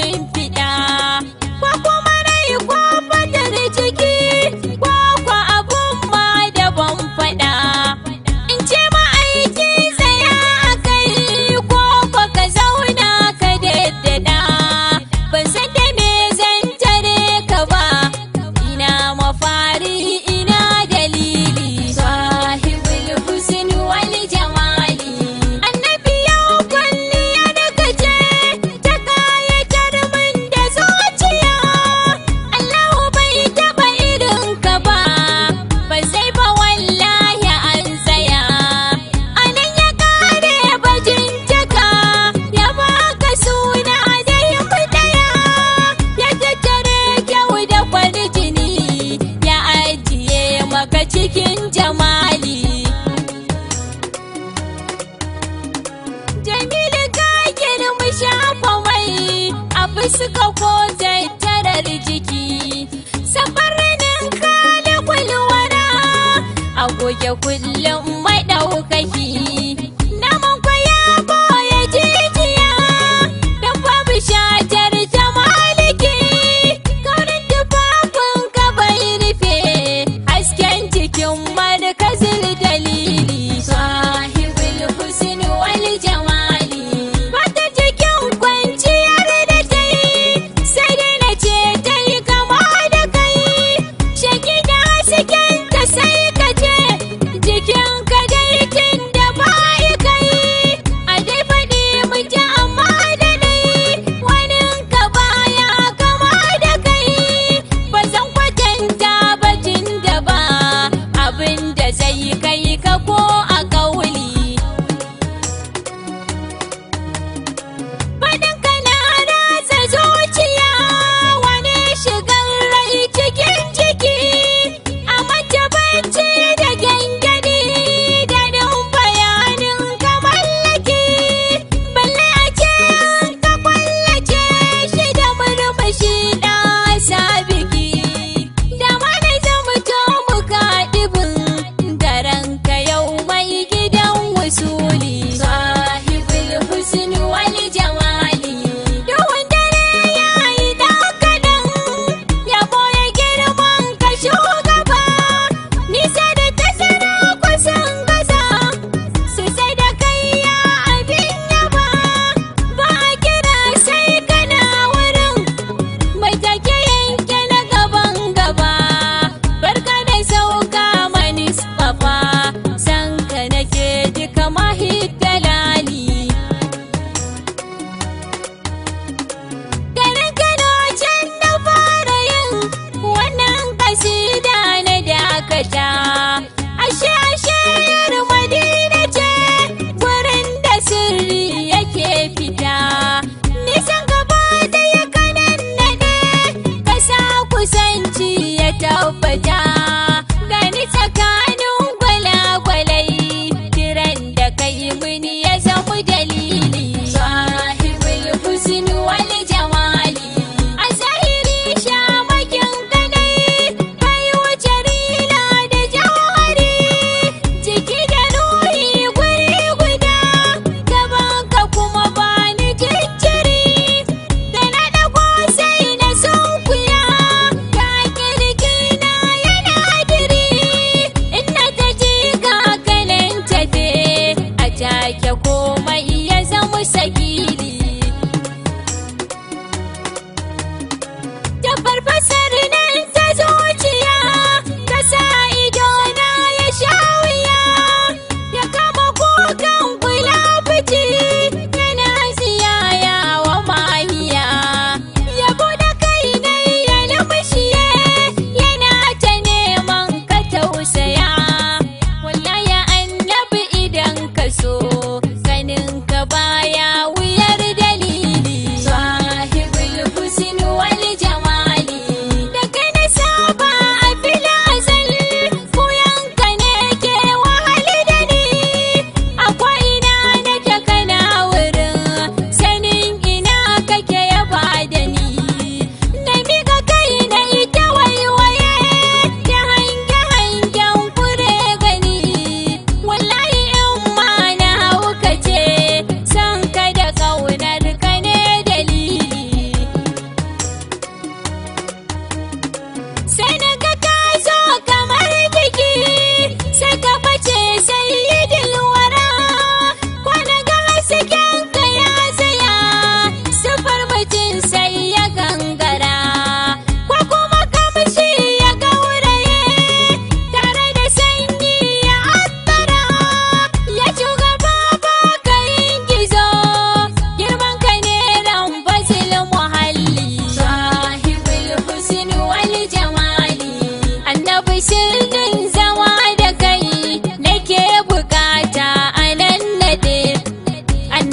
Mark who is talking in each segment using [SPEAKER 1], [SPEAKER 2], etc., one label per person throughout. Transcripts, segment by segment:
[SPEAKER 1] name.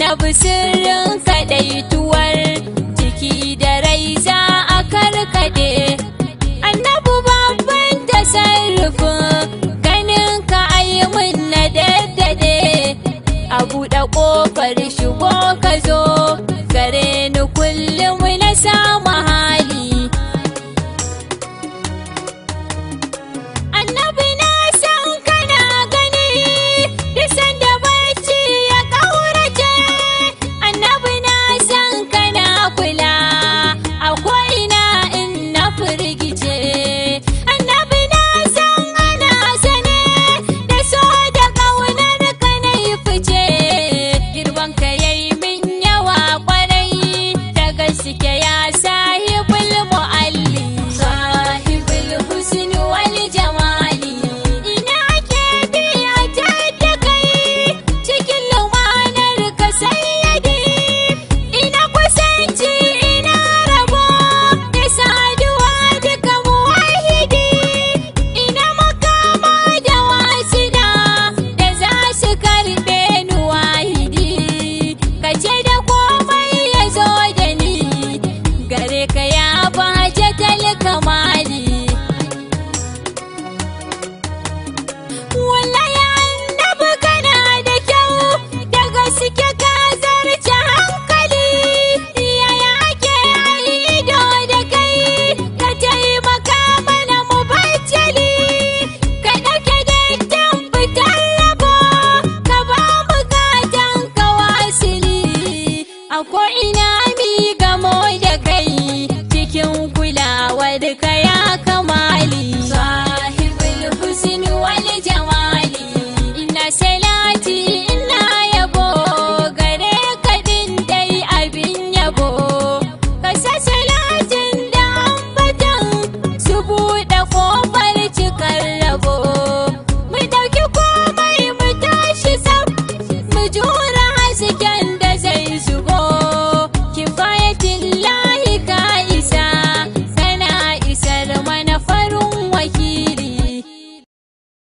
[SPEAKER 1] rabu sirrin kaɗai se